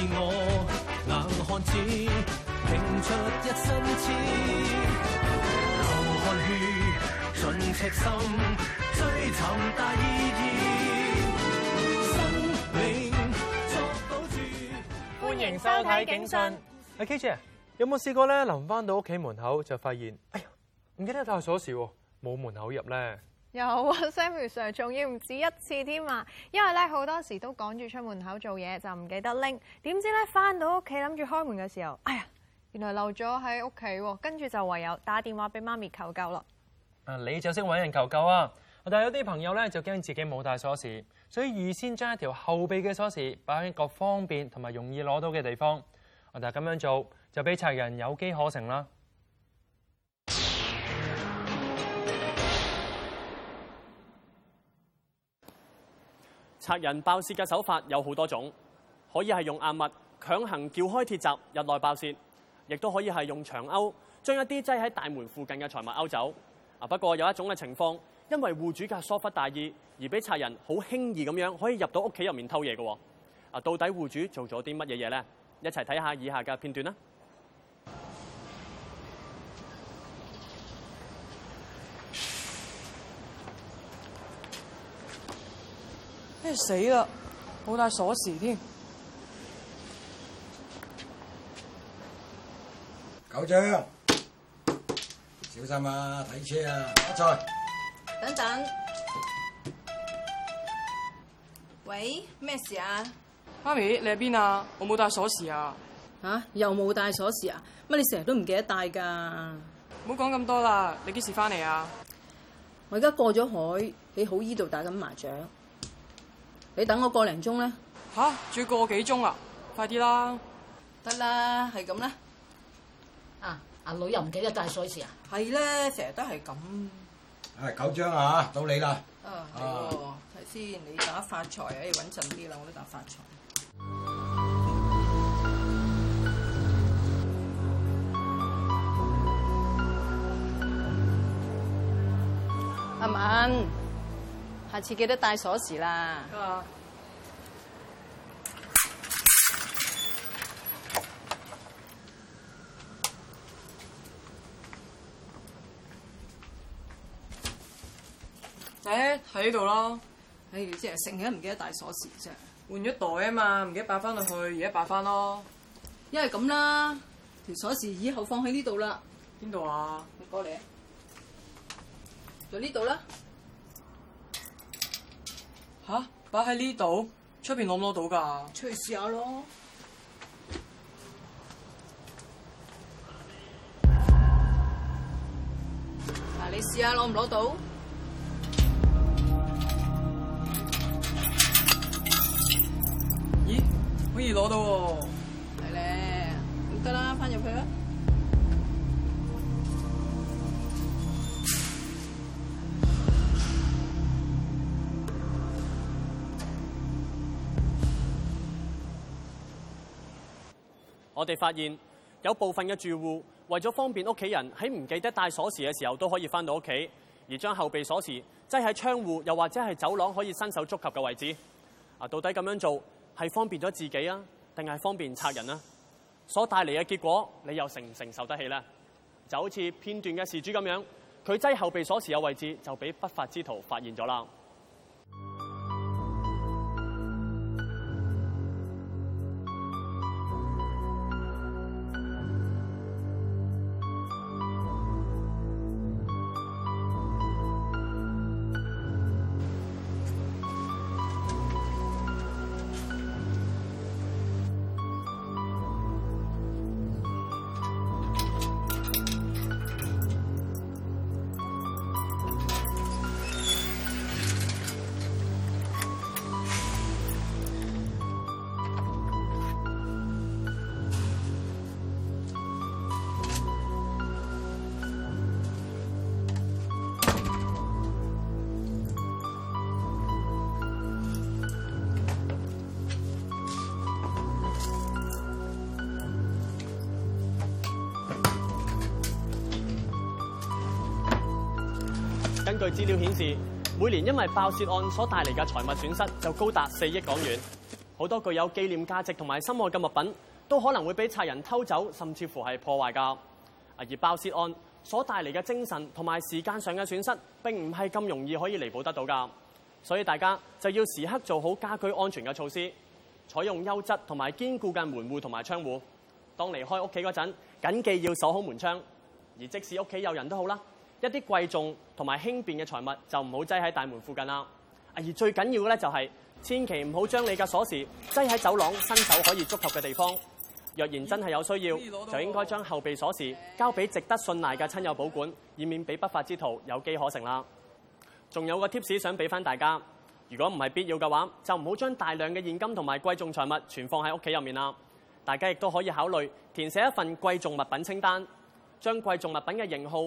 我出一生心，命到歡迎收睇《警訊》。阿 K 姐，有冇試過咧？臨翻到屋企門口就發現，哎呀，唔記得帶鎖匙，冇門口入咧。又、啊、Samuel Sir，仲要唔止一次添啊！因為咧好多時都趕住出門口做嘢，就唔記得拎。點知咧翻到屋企諗住開門嘅時候，哎呀，原來漏咗喺屋企，跟住就唯有打電話俾媽咪求救咯。啊，你就識揾人求救啊！但係有啲朋友咧就驚自己冇帶鎖匙，所以預先將一條後備嘅鎖匙擺喺一個方便同埋容易攞到嘅地方。但係咁樣做就俾賊人有機可乘啦。賊人爆竊嘅手法有好多種，可以係用硬物強行撬開鐵閘入內爆竊，亦都可以係用長鈎將一啲擠喺大門附近嘅財物鈎走。啊，不過有一種嘅情況，因為戶主嘅疏忽大意而俾賊人好輕易咁樣可以入到屋企入面偷嘢嘅。啊，到底戶主做咗啲乜嘢嘢呢？一齊睇下以下嘅片段啦。死啦！冇帶鎖匙添，九張，小心啊！睇車啊！等等，喂，咩事啊？媽咪，你喺邊啊？我冇帶鎖匙啊！吓、啊，又冇帶鎖匙啊？乜你成日都唔記得帶噶？唔好講咁多啦！你幾時翻嚟啊？我而家過咗海喺好衣度打緊麻雀。你等我個零鐘咧，吓，仲要個幾鐘啊？快啲啦。得啦，係咁咧。啊啊，阿女又唔記得帶鎖匙啊！係咧，成日都係咁。係九張啊，到你啦。啊，睇先，你打發財，要穩陣啲啦，我都打發財。阿媽。下次記得帶鎖匙啦。誒喺呢度咯，係即係成日唔記得帶鎖匙啫。換咗袋啊嘛，唔記得擺翻落去，而家擺翻咯。一係咁啦，條鎖匙以後放喺呢度啦。邊度啊？你過嚟，就呢度啦。吓，擺喺呢度，面拿不拿出邊攞唔攞到噶？出去試下咯。嗱，你試下攞唔攞到？咦，可以攞到喎，啊！係咧，唔得啦，翻入去啦。我哋發現有部分嘅住戶為咗方便屋企人喺唔記得帶鎖匙嘅時候都可以翻到屋企，而將後備鎖匙擠喺窗戶又或者係走廊可以伸手觸及嘅位置。啊，到底咁樣做係方便咗自己啊，定係方便賊人啊？所帶嚟嘅結果，你又承唔承受得起呢？就好似片段嘅事主咁樣，佢擠後備鎖匙嘅位置就俾不法之徒發現咗啦。根據資料顯示，每年因為爆竊案所帶嚟嘅財物損失就高達四億港元。好多具有紀念價值同埋心愛嘅物品都可能會被賊人偷走，甚至乎係破壞㗎。而爆竊案所帶嚟嘅精神同埋時間上嘅損失並唔係咁容易可以彌補得到㗎。所以大家就要時刻做好家居安全嘅措施，採用優質同埋堅固嘅門戶同埋窗戶。當離開屋企嗰陣，緊記要鎖好門窗。而即使屋企有人都好啦。一啲貴重同埋輕便嘅財物就唔好擠喺大門附近啦。而最緊要嘅咧就係千祈唔好將你嘅鎖匙擠喺走廊伸手可以觸及嘅地方。若然真係有需要，就應該將後備鎖匙交俾值得信賴嘅親友保管，以免俾不法之徒有機可乘啦。仲有個 tips 想俾翻大家，如果唔係必要嘅話，就唔好將大量嘅現金同埋貴重財物存放喺屋企入面啦。大家亦都可以考慮填寫一份貴重物品清單，將貴重物品嘅型號、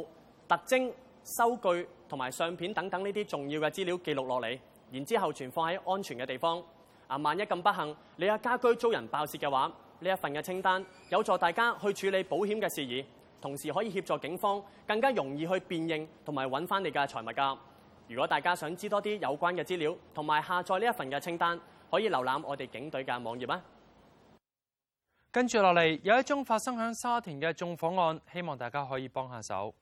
特徵、收據同埋相片等等呢啲重要嘅資料記錄落嚟，然之後存放喺安全嘅地方。啊，萬一咁不幸你嘅家居遭人爆竊嘅話，呢一份嘅清單有助大家去處理保險嘅事宜，同時可以協助警方更加容易去辨認同埋揾翻你嘅財物㗎。如果大家想知多啲有關嘅資料同埋下載呢一份嘅清單，可以瀏覽我哋警隊嘅網頁啊。跟住落嚟有一宗發生喺沙田嘅縱火案，希望大家可以幫下手。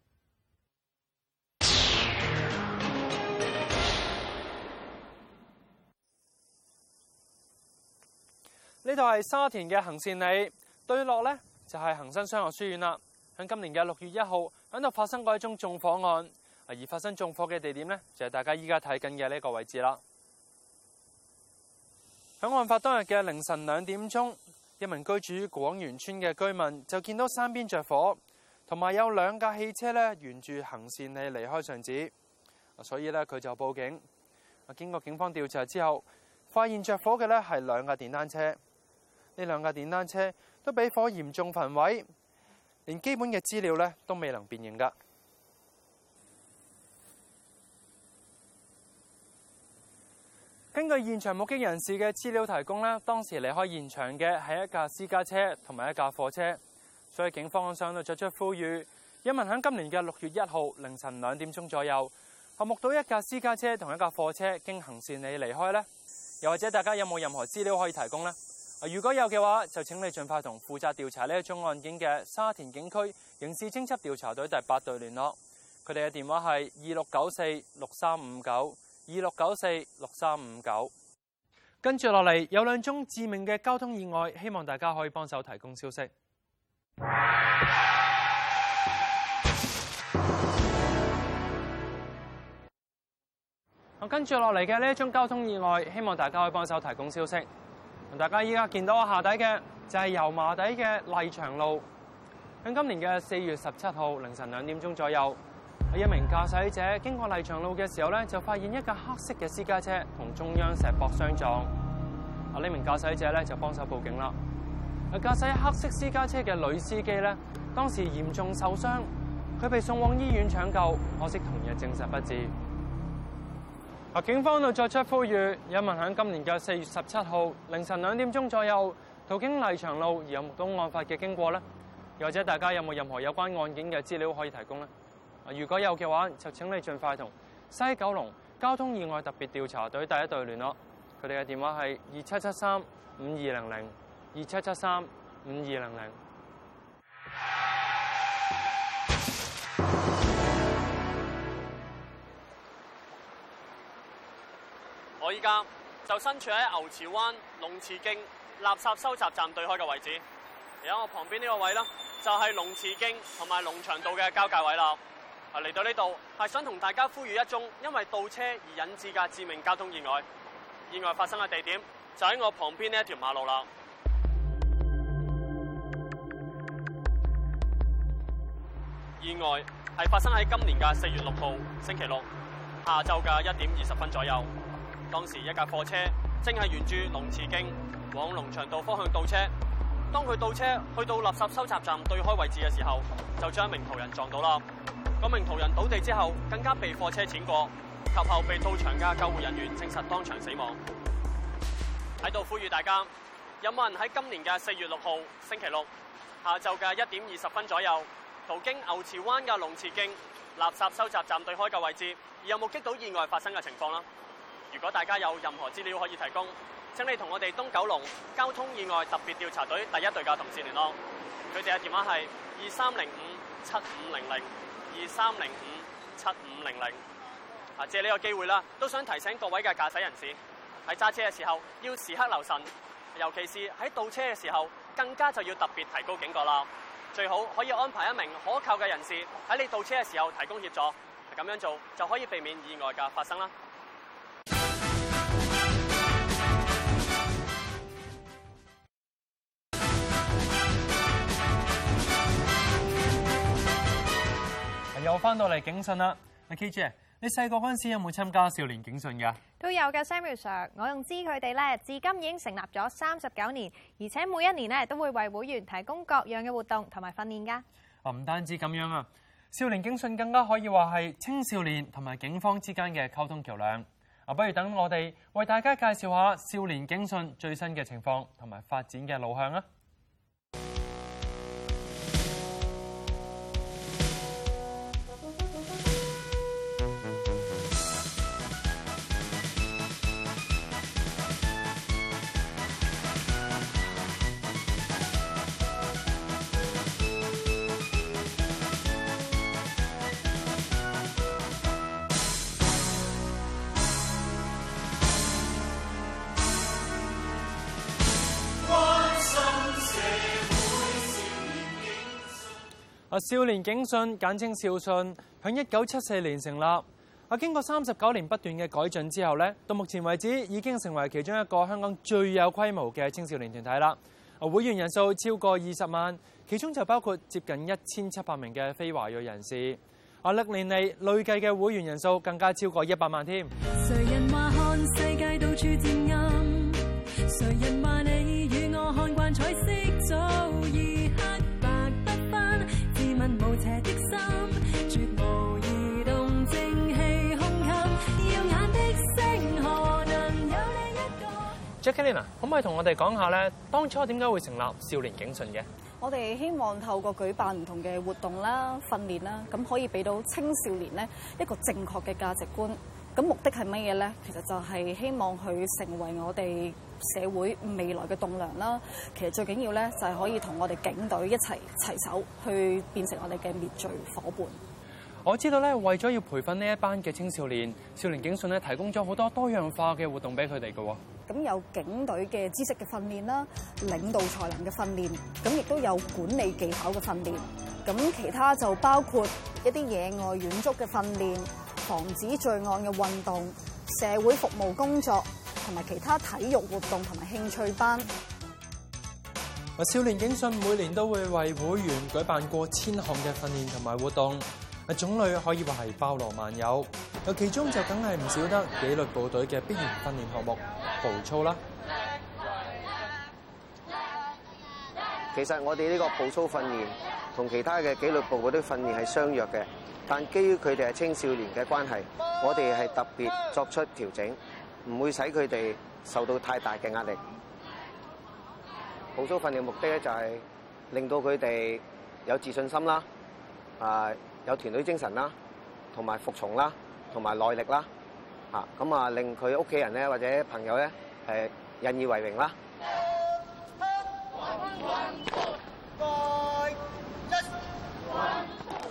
呢度係沙田嘅恒善里對落呢，就係恒生商學書院啦。喺今年嘅六月一號，喺度發生過一宗縱火案。而發生縱火嘅地點呢，就係大家依家睇緊嘅呢個位置啦。喺案發當日嘅凌晨兩點鐘，一名居住於廣源村嘅居民就見到山邊着火，同埋有兩架汽車呢沿住恒善里離開上址，所以呢，佢就報警。經過警方調查之後，發現着火嘅呢係兩架電單車。呢兩架電單車都俾火嚴重焚毀，連基本嘅資料咧都未能辨認噶。根據現場目擊人士嘅資料提供咧，當時離開現場嘅係一架私家車同埋一架貨車，所以警方向都作出呼籲：有冇人喺今年嘅六月一號凌晨兩點鐘左右，係目睹一架私家車同一架貨車經行線你離開呢？又或者大家有冇任何資料可以提供呢？」如果有嘅話，就請你盡快同負責調查呢宗案件嘅沙田警區刑事偵查調查隊第八隊聯絡。佢哋嘅電話係二六九四六三五九二六九四六三五九。啊，跟住落嚟有兩宗致命嘅交通意外，希望大家可以幫手提供消息。跟住落嚟嘅呢一宗交通意外，希望大家可以幫手提供消息。大家依家見到我下底嘅就係油麻地嘅麗祥路。喺今年嘅四月十七號凌晨兩點鐘左右，一名駕駛者經過麗祥路嘅時候咧，就發現一架黑色嘅私家車同中央石壆相撞。啊，呢名駕駛者咧就幫手報警啦。駕駛黑色私家車嘅女司機咧，當時嚴重受傷，佢被送往醫院搶救，可惜同日證實不治。警方都作出呼籲，有問響今年嘅四月十七號凌晨兩點鐘左右途經麗翔路而有目擊案發嘅經過呢，又或者大家有冇任何有關案件嘅資料可以提供呢？如果有嘅話，就請你盡快同西九龍交通意外特別調查隊第一隊聯絡，佢哋嘅電話係二七七三五二零零二七七三五二零零。我依家就身處喺牛池灣龍池徑垃圾收集站對開嘅位置，而我旁邊呢個位呢，就係龍池徑同埋龍翔道嘅交界位啦。嚟到呢度係想同大家呼籲一宗因為倒車而引致嘅致命交通意外。意外發生嘅地點就喺我旁邊呢一條馬路啦。意外係發生喺今年嘅四月六號星期六下晝嘅一點二十分左右。當時一架貨車正係沿住龍池徑往龍翔道方向倒車，當佢倒車去到垃圾收集站對開位置嘅時候，就將一名途人撞到啦。嗰名途人倒地之後，更加被貨車碾過，及後被到場嘅救護人員證實當場死亡。喺度呼籲大家，有冇人喺今年嘅四月六號星期六下晝嘅一點二十分左右，途經牛池灣嘅龍池徑垃圾收集站對開嘅位置，有冇目擊到意外發生嘅情況啦？如果大家有任何資料可以提供，請你同我哋東九龍交通意外特別調查隊第一隊嘅同事聯絡，佢哋嘅電話係二三零五七五零零二三零五七五零零。啊，借呢個機會啦，都想提醒各位嘅駕駛人士，喺揸車嘅時候要時刻留神，尤其是喺倒車嘅時候，更加就要特別提高警覺啦。最好可以安排一名可靠嘅人士喺你倒車嘅時候提供協助，咁樣做就可以避免意外嘅發生啦。又翻到嚟警訊啦，K J，你細個嗰陣時有冇參加少年警訊噶都有嘅，Samuel Sir，我用知佢哋咧，至今已經成立咗三十九年，而且每一年咧都會為會員提供各樣嘅活動同埋訓練噶。啊，唔單止咁樣啊，少年警訊更加可以話係青少年同埋警方之間嘅溝通橋樑。啊，不如等我哋為大家介紹下少年警訊最新嘅情況同埋發展嘅路向啊。啊，少年警訊，簡稱少訊，喺一九七四年成立。啊，經過三十九年不斷嘅改進之後咧，到目前為止，已經成為其中一個香港最有規模嘅青少年團體啦。啊，會員人數超過二十萬，其中就包括接近一千七百名嘅非華裔人士。啊，歷年嚟累計嘅會員人數更加超過一百萬添。j a c e l i n a 可唔可以同我哋講下咧？當初點解會成立少年警訊嘅？我哋希望透過舉辦唔同嘅活動啦、訓練啦，咁可以俾到青少年咧一個正確嘅價值觀。咁目的係乜嘢咧？其實就係希望佢成為我哋社會未來嘅棟樑啦。其實最緊要咧就係可以同我哋警隊一齊齊手去變成我哋嘅滅罪夥伴。我知道咧，為咗要培訓呢一班嘅青少年，少年警訊咧提供咗好多多樣化嘅活動俾佢哋嘅。咁有警隊嘅知識嘅訓練啦，領導才能嘅訓練，咁亦都有管理技巧嘅訓練。咁其他就包括一啲野外遠足嘅訓練，防止罪案嘅運動，社會服務工作，同埋其他體育活動同埋興趣班。啊，少年警訊每年都會為會員舉辦過千項嘅訓練同埋活動，啊，種類可以話係包羅萬有。啊，其中就梗係唔少得紀律部隊嘅必然訓練項目。步操啦，其實我哋呢個步操訓練同其他嘅紀律部嗰啲訓練係相若嘅，但基於佢哋係青少年嘅關係，我哋係特別作出調整，唔會使佢哋受到太大嘅壓力。步操訓練的目的咧就係令到佢哋有自信心啦，啊有團隊精神啦，同埋服從啦，同埋耐力啦。咁啊！令佢屋企人咧，或者朋友咧，誒引以為榮啦。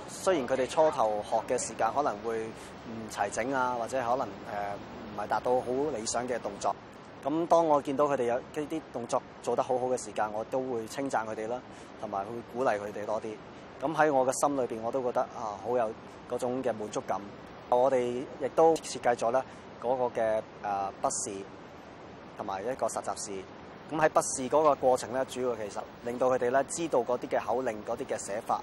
雖然佢哋初頭學嘅時間可能會唔齊整啊，或者可能唔係、呃、達到好理想嘅動作。咁當我見到佢哋有呢啲動作做得好好嘅時間，我都會稱讚佢哋啦，同埋會鼓勵佢哋多啲。咁喺我嘅心裏邊，我都覺得啊，好有嗰種嘅滿足感。我哋亦都設計咗咧嗰個嘅誒筆試，同埋一個實習試。咁喺筆試嗰個過程咧，主要其實令到佢哋咧知道嗰啲嘅口令、嗰啲嘅寫法。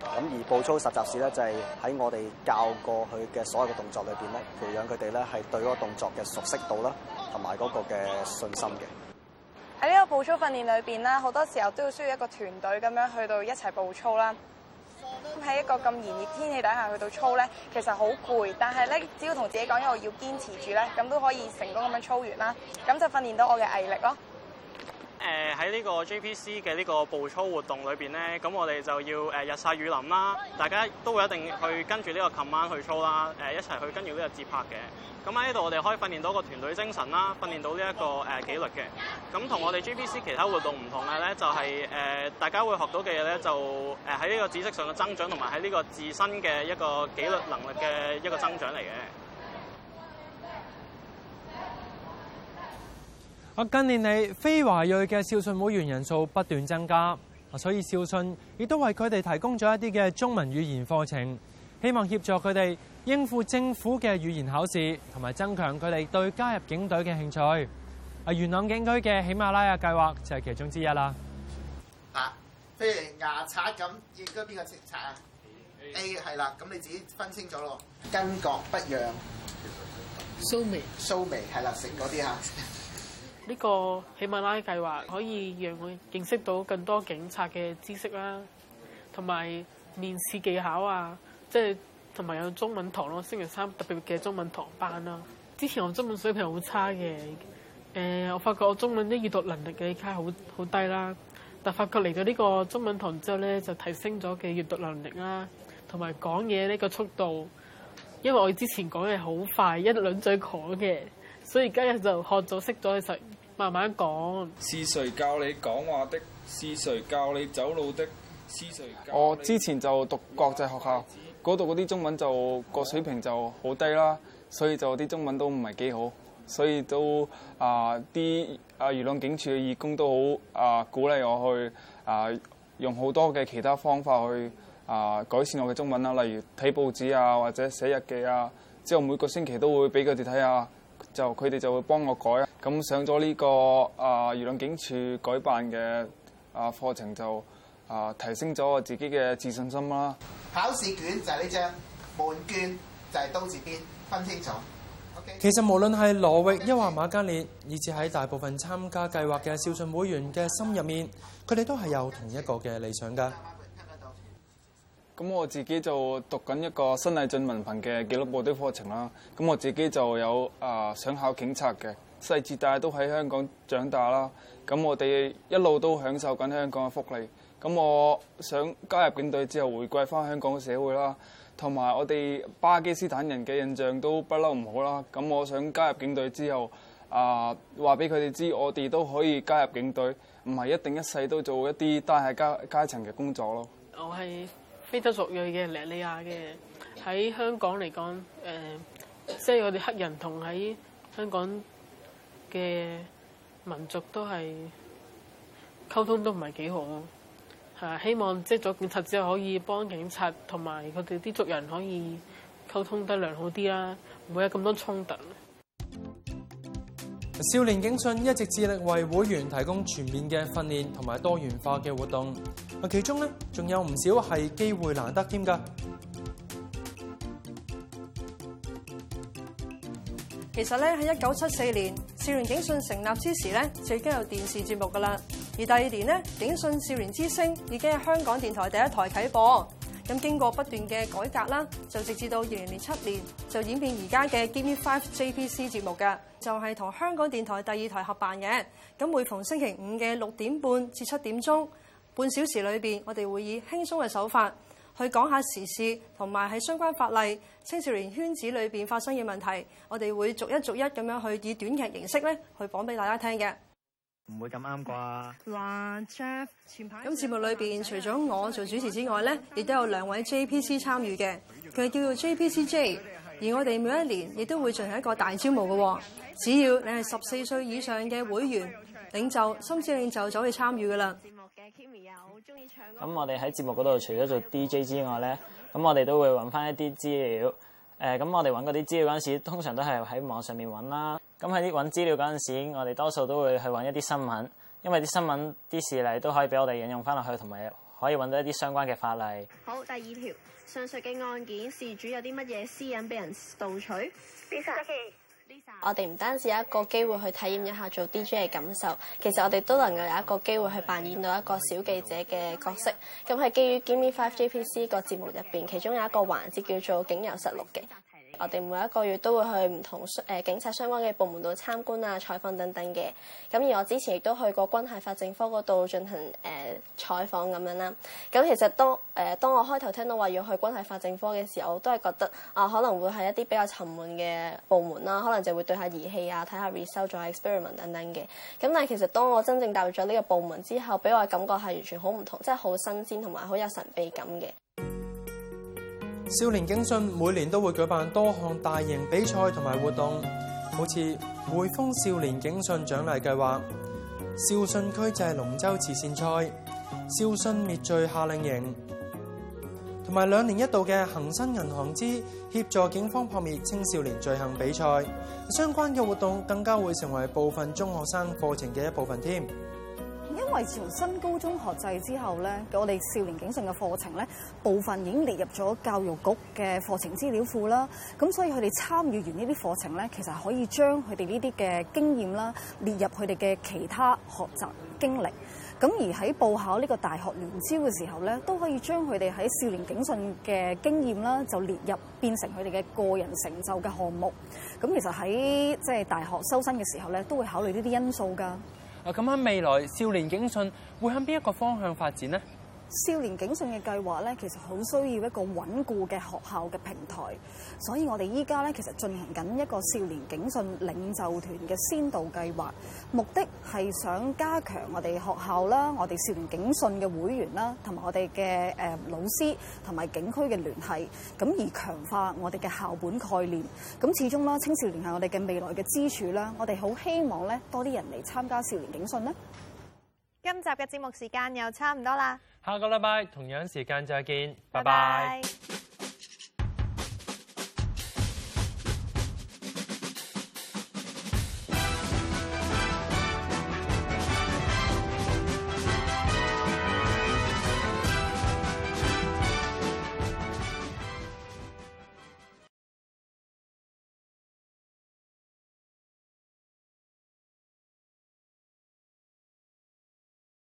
咁而步操實習試咧，就係喺我哋教過佢嘅所有嘅動作裏邊咧，培養佢哋咧係對嗰個動作嘅熟悉度啦，同埋嗰個嘅信心嘅。喺呢個步操訓練裏邊咧，好多時候都要需要一個團隊咁樣去到一齊步操啦。喺一個咁炎熱天氣底下，去到操呢其實好攰，但係呢，只要同自己講，因為我要堅持住呢，咁都可以成功咁樣操完啦，咁就訓練到我嘅毅力咯。誒喺呢個 JPC 嘅呢個步操活動裏邊咧，咁我哋就要誒日曬雨淋啦，大家都會一定去跟住呢個琴晚去操啦，誒、呃、一齊去跟住呢個節拍嘅。咁喺呢度我哋可以訓練到一個團隊精神啦，訓練到呢、這、一個誒紀、呃、律嘅。咁同我哋 JPC 其他活動唔同嘅咧，就係、是、誒、呃、大家會學到嘅嘢咧，就誒喺呢個知識上嘅增長，同埋喺呢個自身嘅一個紀律能力嘅一個增長嚟嘅。近年嚟，非華裔嘅少訊會員人數不斷增加，所以少訊亦都為佢哋提供咗一啲嘅中文語言課程，希望協助佢哋應付政府嘅語言考試，同埋增強佢哋對加入警隊嘅興趣。元朗警區嘅喜馬拉雅計劃就係其中之一啦。啊，譬如牙刷咁，應該邊個食刷啊？A 係 A .啦，咁你自己分清楚咯。根角不讓。蘇眉霉。蘇眉係啦，食嗰啲嚇。呢個喜馬拉雅計劃可以讓我認識到更多警察嘅知識啦，同埋面試技巧啊，即係同埋有中文堂咯，星期三特別嘅中文堂班啦。之前我中文水平好差嘅，誒我發覺我中文啲閱讀能力嘅依家好好低啦，但發覺嚟到呢個中文堂之後咧，就提升咗嘅閱讀能力啦，同埋講嘢呢個速度，因為我之前講嘢好快，一輪嘴講嘅。所以而家就學咗識咗，其實慢慢講。是誰教你講話的？是誰教你走路的？是誰教你？我之前就讀國際學校，嗰度嗰啲中文就個水平就好低啦，所以就啲中文都唔係幾好。所以都啊啲啊，元、呃、朗警署嘅義工都好啊、呃，鼓勵我去啊、呃、用好多嘅其他方法去啊、呃、改善我嘅中文啦，例如睇報紙啊，或者寫日記啊。之後每個星期都會俾佢哋睇下。就佢哋就會幫我改，咁上咗呢、這個啊，元朗警署舉辦嘅啊課程就啊提升咗我自己嘅自信心啦。考試卷就係呢張，門卷就係刀字邊，分清楚。OK、其實無論係羅域抑或馬嘉烈，以至喺大部分參加計劃嘅少訊會員嘅心入面，佢哋都係有同一個嘅理想㗎。咁我自己就讀緊一個新毅進文憑嘅紀律部隊的課程啦。咁我自己就有啊、呃，想考警察嘅。細到大都喺香港長大啦。咁我哋一路都享受緊香港嘅福利。咁我想加入警隊之後，回歸返香港嘅社會啦。同埋我哋巴基斯坦人嘅印象都不嬲唔好啦。咁我想加入警隊之後啊，話俾佢哋知，我哋都可以加入警隊，唔係一定一世都做一啲單係階階層嘅工作咯。我係。非洲族裔嘅利，利亞嘅喺香港嚟講，誒、呃，即係我哋黑人同喺香港嘅民族都係溝通都唔係幾好，係啊！希望即係做警察之後可以幫警察同埋佢哋啲族人可以溝通得良好啲啦，唔會有咁多衝突。少年警訊一直致力為會員提供全面嘅訓練同埋多元化嘅活動，啊，其中咧仲有唔少係機會難得添噶。其實咧喺一九七四年少年警訊成立之時咧就已經有電視節目噶啦，而第二年咧警訊少年之聲已經喺香港電台第一台啟播。咁經過不斷嘅改革啦，就直至到二零零七年就演變而家嘅《Give Me Five JPC》節目嘅，就係、是、同香港電台第二台合辦嘅。咁每逢星期五嘅六點半至七點鐘半小時裏面，我哋會以輕鬆嘅手法去講下時事同埋喺相關法例青少年圈子裏面發生嘅問題，我哋會逐一逐一咁樣去以短劇形式咧去講俾大家聽嘅。唔會咁啱啩，話 Jeff 前排咁節目裏邊除咗我做主持之外咧，亦都有兩位 JPC 參與嘅，佢係叫做 JPCJ。而我哋每一年亦都會進行一個大招募嘅、哦，只要你係十四歲以上嘅會員、領袖、心智領袖就可以參與噶啦。節目嘅 Kimi 啊，好中意唱。咁我哋喺節目嗰度除咗做 DJ 之外咧，咁我哋都會揾翻一啲資料。誒咁，呃、我哋揾嗰啲資料嗰陣時，通常都係喺網上面揾啦。咁喺啲揾資料嗰陣時，我哋多數都會去揾一啲新聞，因為啲新聞啲事例都可以俾我哋引用翻落去，同埋可以揾到一啲相關嘅法例。好，第二條，上述嘅案件事主有啲乜嘢私隱俾人盜取？邊個殺？我哋唔單止有一個機會去體驗一下做 DJ 嘅感受，其實我哋都能夠有一個機會去扮演到一個小記者嘅角色。咁、嗯、係基於《Give Me Five JPC》個節目入邊，其中有一個環節叫做《警遊實錄》嘅。我哋每一個月都會去唔同誒警察相關嘅部門度參觀啊、採訪等等嘅。咁而我之前亦都去過軍械法證科嗰度進行誒採訪咁樣啦。咁其實當誒、呃、當我開頭聽到話要去軍械法證科嘅時候，我都係覺得啊、呃，可能會係一啲比較沉悶嘅部門啦、啊，可能就會對下儀器啊、睇下 research、做下 experiment 等等嘅。咁但係其實當我真正踏入咗呢個部門之後，俾我嘅感覺係完全好唔同，即係好新鮮同埋好有神秘感嘅。少年警訊每年都會舉辦多項大型比賽同埋活動，好似匯豐少年警訊獎勵計劃、少訊區際龍舟慈善賽、少訊滅罪夏令營，同埋兩年一度嘅恒生銀行之協助警方撲滅青少年罪行比賽。相關嘅活動更加會成為部分中學生課程嘅一部分添。因為從新高中學制之後咧，我哋少年警訊嘅課程咧，部分已經列入咗教育局嘅課程資料庫啦。咁所以佢哋參與完這些課呢啲課程咧，其實可以將佢哋呢啲嘅經驗啦，列入佢哋嘅其他學習經歷。咁而喺報考呢個大學聯招嘅時候咧，都可以將佢哋喺少年警訊嘅經驗啦，就列入變成佢哋嘅個人成就嘅項目。咁其實喺即係大學收生嘅時候咧，都會考慮呢啲因素㗎。咁未來少年警訊會向邊一個方向發展呢？少年警訊嘅計劃咧，其實好需要一個穩固嘅學校嘅平台，所以我哋依家咧其實進行緊一個少年警訊領袖團嘅先導計劃，目的係想加強我哋學校啦、我哋少年警訊嘅會員啦，同埋我哋嘅誒老師同埋警區嘅聯繫，咁而強化我哋嘅校本概念。咁始終啦，青少年係我哋嘅未來嘅支柱啦，我哋好希望咧多啲人嚟參加少年警訊啦。今集嘅節目時間又差唔多啦。下個禮拜同樣時間再見，拜拜。拜拜。